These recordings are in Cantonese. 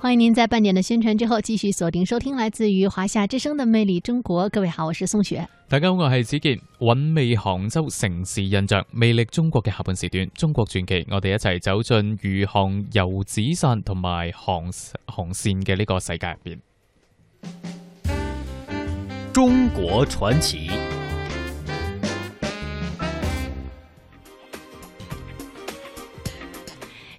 歡迎您在半點的宣傳之後繼續鎖定收聽來自於華夏之聲的《魅力中國》。各位好，我是宋雪。大家好，我係子健。韻味杭州城市印象，魅力中國嘅下半時段，中國傳奇，我哋一齊走進餘杭油紙傘同埋航航線嘅呢個世界入邊。中國傳奇。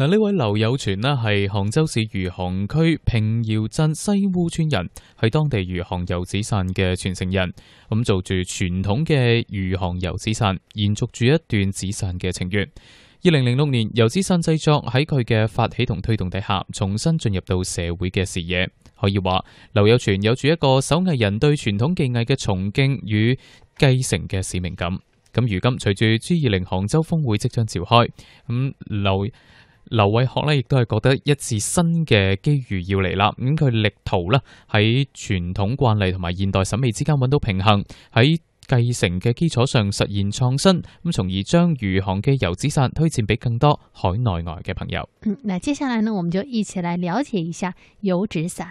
嗱，呢位劉有泉呢，係杭州市餘杭區瓶窯鎮西塢村人，係當地餘杭油紙傘嘅傳承人，咁做住傳統嘅餘杭油紙傘，延續住一段紙傘嘅情緣。二零零六年，油紙傘製作喺佢嘅發起同推動底下，重新進入到社會嘅視野。可以話，劉有泉有住一個手藝人對傳統技藝嘅崇敬與繼承嘅使命感。咁如今，隨住 G 二零杭州峰會即將召開，咁、嗯、劉。劉偉學呢亦都係覺得一次新嘅機遇要嚟啦。咁佢力圖呢喺傳統慣例同埋現代審美之間揾到平衡，喺繼承嘅基礎上實現創新，咁從而將余杭嘅油紙傘推薦俾更多海內外嘅朋友。嗯，嗱，接下來呢，我們就一起來了解一下油紙傘。